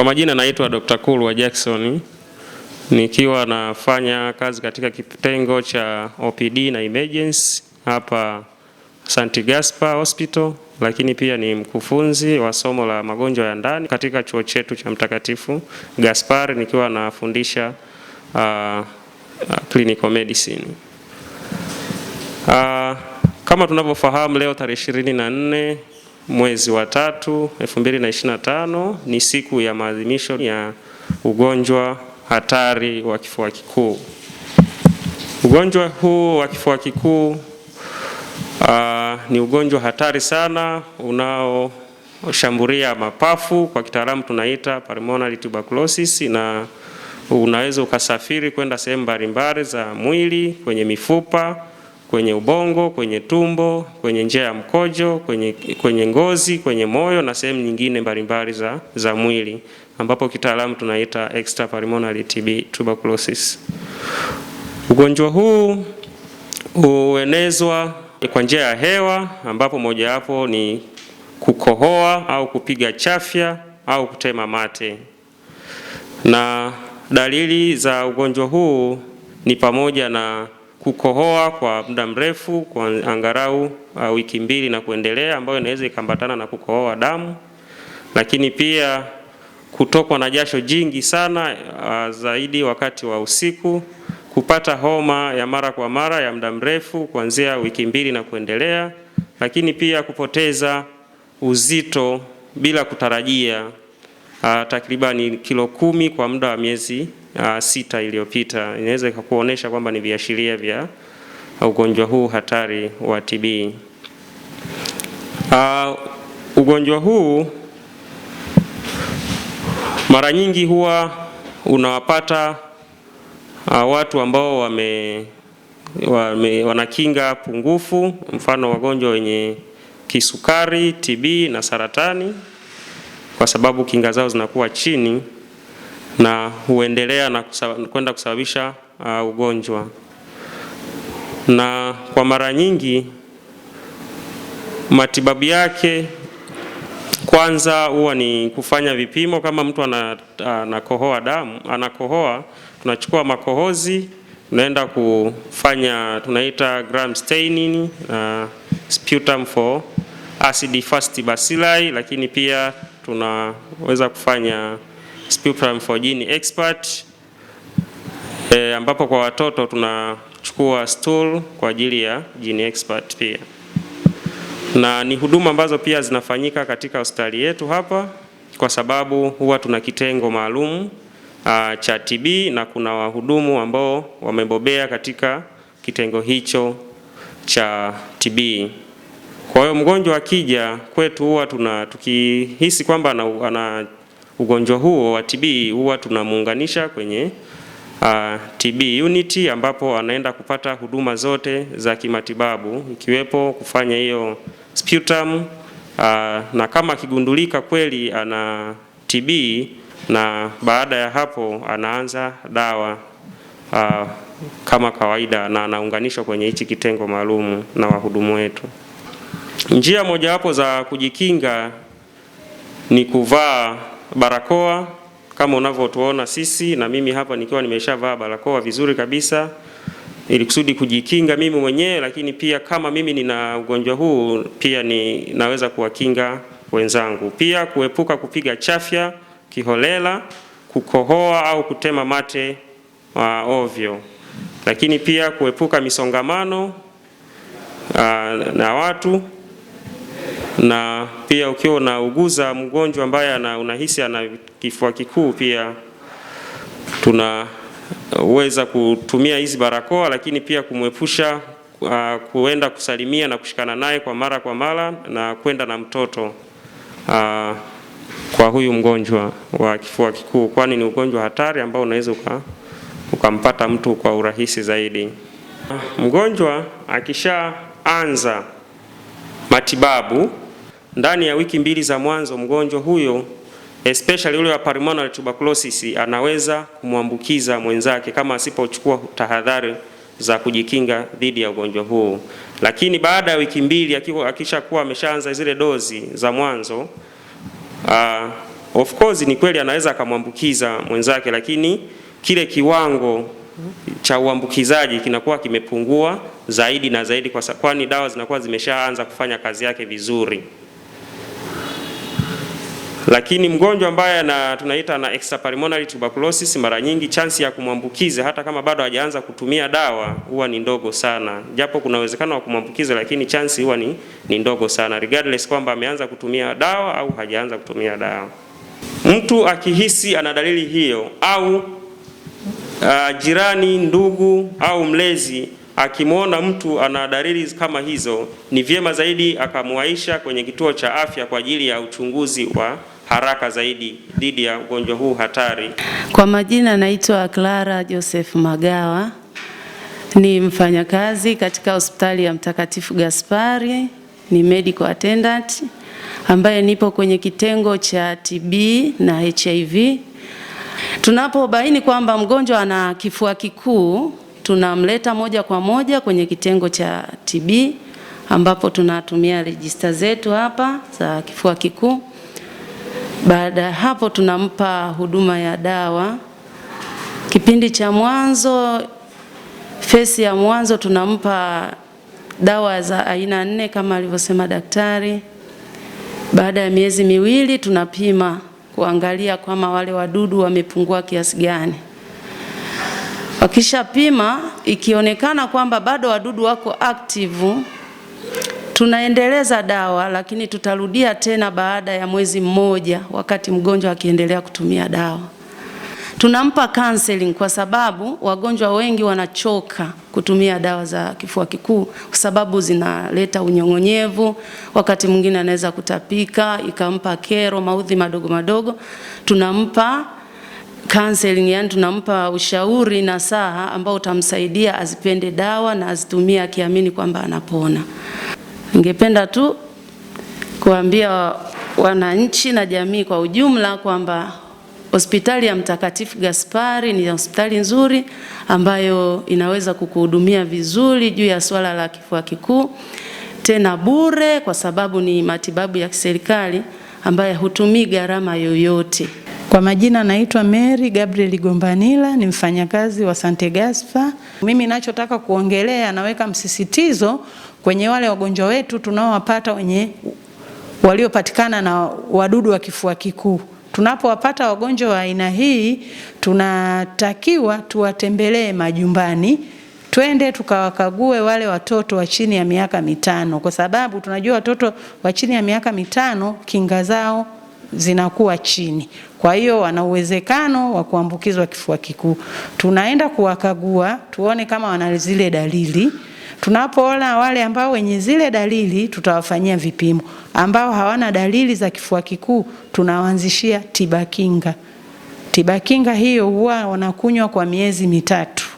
Kwa majina naitwa Dr. Kulwa Jackson nikiwa nafanya kazi katika kitengo cha OPD na emergency hapa St. Gaspar Hospital, lakini pia ni mkufunzi wa somo la magonjwa ya ndani katika chuo chetu cha Mtakatifu Gaspar nikiwa nafundisha uh, clinical medicine. Uh, kama tunavyofahamu leo tarehe 24 mwezi wa tatu 2025 ni siku ya maadhimisho ya ugonjwa hatari wa kifua kikuu. Ugonjwa huu wa kifua kikuu uh, ni ugonjwa hatari sana unaoshambulia mapafu, kwa kitaalamu tunaita pulmonary tuberculosis, na unaweza ukasafiri kwenda sehemu mbalimbali za mwili, kwenye mifupa kwenye ubongo, kwenye tumbo, kwenye njia ya mkojo, kwenye, kwenye ngozi, kwenye moyo na sehemu nyingine mbalimbali za, za mwili ambapo kitaalamu tunaita extrapulmonary TB tuberculosis. Ugonjwa huu huenezwa kwa njia ya hewa ambapo mojawapo ni kukohoa au kupiga chafya au kutema mate. Na dalili za ugonjwa huu ni pamoja na kukohoa kwa muda mrefu kwa angarau uh, wiki mbili na kuendelea, ambayo inaweza ikambatana na kukohoa damu, lakini pia kutokwa na jasho jingi sana uh, zaidi wakati wa usiku, kupata homa ya mara kwa mara ya muda mrefu kuanzia wiki mbili na kuendelea, lakini pia kupoteza uzito bila kutarajia uh, takribani kilo kumi kwa muda wa miezi uh, sita iliyopita inaweza ikakuonyesha kwamba ni viashiria vya ugonjwa huu hatari wa TB. Uh, ugonjwa huu mara nyingi huwa unawapata uh, watu ambao wame, wame, wanakinga pungufu, mfano wagonjwa wenye kisukari, TB na saratani, kwa sababu kinga zao zinakuwa chini na huendelea na kwenda kusababisha uh, ugonjwa. Na kwa mara nyingi matibabu yake kwanza huwa ni kufanya vipimo. Kama mtu anakohoa damu, anakohoa, tunachukua makohozi, tunaenda kufanya tunaita gram staining na uh, sputum for acid fast bacilli, lakini pia tunaweza kufanya Spulpram4Gene Expert e, ambapo kwa watoto tunachukua stool kwa ajili ya Gene Expert pia, na ni huduma ambazo pia zinafanyika katika hospitali yetu hapa, kwa sababu huwa tuna kitengo maalum ah, cha TB na kuna wahudumu ambao wamebobea katika kitengo hicho cha TB. Kwa hiyo mgonjwa akija kwetu huwa tuna tukihisi kwamba ana, ana Ugonjwa huo wa TB huwa tunamuunganisha kwenye uh, ah, TB unit ambapo anaenda kupata huduma zote za kimatibabu ikiwepo kufanya hiyo sputum uh, na kama akigundulika kweli ana TB na baada ya hapo anaanza dawa uh, kama kawaida na anaunganishwa kwenye hichi kitengo maalum na wahudumu wetu. Njia mojawapo za kujikinga ni kuvaa barakoa kama unavyotuona sisi na mimi hapa nikiwa nimeshavaa barakoa vizuri kabisa, ili kusudi kujikinga mimi mwenyewe, lakini pia kama mimi nina ugonjwa huu pia ni naweza kuwakinga wenzangu, pia kuepuka kupiga chafya kiholela, kukohoa au kutema mate uh, ovyo, lakini pia kuepuka misongamano uh, na watu na pia ukiwa unauguza mgonjwa ambaye ana unahisi ana kifua kikuu, pia tunaweza kutumia hizi barakoa, lakini pia kumwepusha uh, kuenda kusalimia na kushikana naye kwa mara kwa mara na kwenda na mtoto uh, kwa huyu mgonjwa wa kifua kikuu, kwani ni ugonjwa hatari ambao unaweza ukampata mtu kwa urahisi zaidi. Mgonjwa akishaanza matibabu ndani ya wiki mbili za mwanzo mgonjwa huyo especially yule wa pulmonary tuberculosis anaweza kumwambukiza mwenzake kama asipochukua tahadhari za kujikinga dhidi ya ugonjwa huu. Lakini baada ya wiki mbili akishakuwa ameshaanza zile dozi za mwanzo, uh, of course ni kweli anaweza akamwambukiza mwenzake, lakini kile kiwango cha uambukizaji kinakuwa kimepungua zaidi na zaidi, kwani dawa zinakuwa zimeshaanza kufanya kazi yake vizuri. Lakini mgonjwa ambaye ana tunaita na extrapulmonary tuberculosis, mara nyingi chansi ya kumwambukiza hata kama bado hajaanza kutumia dawa huwa ni ndogo sana, japo kuna uwezekano wa kumwambukiza, lakini chansi huwa ni, ni ndogo sana regardless kwamba ameanza kutumia dawa au hajaanza kutumia dawa. Mtu akihisi ana dalili hiyo au uh, jirani, ndugu au mlezi akimwona mtu ana dalili kama hizo, ni vyema zaidi akamwaisha kwenye kituo cha afya kwa ajili ya uchunguzi wa haraka zaidi dhidi ya ugonjwa huu hatari. Kwa majina naitwa Clara Joseph Magawa, ni mfanyakazi katika hospitali ya Mtakatifu Gaspari, ni medical attendant ambaye nipo kwenye kitengo cha TB na HIV. Tunapobaini kwamba mgonjwa ana kifua kikuu, tunamleta moja kwa moja kwenye kitengo cha TB ambapo tunatumia rejista zetu hapa za kifua kikuu baada ya hapo, tunampa huduma ya dawa. Kipindi cha mwanzo, fesi ya mwanzo, tunampa dawa za aina nne kama alivyosema daktari. Baada ya miezi miwili, tunapima kuangalia kama wale wadudu wamepungua kiasi gani. Wakishapima, ikionekana kwamba bado wadudu wako active Tunaendeleza dawa lakini tutarudia tena baada ya mwezi mmoja, wakati mgonjwa akiendelea kutumia dawa. Tunampa counseling kwa sababu wagonjwa wengi wanachoka kutumia dawa za kifua kikuu kwa sababu zinaleta unyong'onyevu, wakati mwingine anaweza kutapika ikampa kero, maudhi madogo madogo. Tunampa counseling, yani tunampa ushauri na saha ambao utamsaidia azipende dawa na azitumie akiamini kwamba anapona. Ningependa tu kuambia wananchi na jamii kwa ujumla kwamba hospitali ya Mtakatifu Gaspari ni hospitali nzuri ambayo inaweza kukuhudumia vizuri juu ya swala la kifua kikuu, tena bure, kwa sababu ni matibabu ya kiserikali ambayo hutumii gharama yoyote. Kwa majina naitwa Mary Gabriel Gombanila, ni mfanyakazi wa Sante Gaspar. Mimi nachotaka kuongelea, naweka msisitizo kwenye wale wagonjwa wetu tunaowapata wenye waliopatikana na wadudu wa kifua kikuu. Tunapowapata wagonjwa wa aina hii, tunatakiwa tuwatembelee majumbani twende tukawakague wale watoto wa chini ya miaka mitano, kwa sababu tunajua watoto wa chini ya miaka mitano kinga zao zinakuwa chini, kwa hiyo wana uwezekano wa kuambukizwa kifua kikuu. Tunaenda kuwakagua tuone kama wana zile dalili. Tunapoona wale ambao wenye zile dalili tutawafanyia vipimo, ambao hawana dalili za kifua kikuu tunawaanzishia tiba kinga. Tiba kinga hiyo huwa wanakunywa kwa miezi mitatu.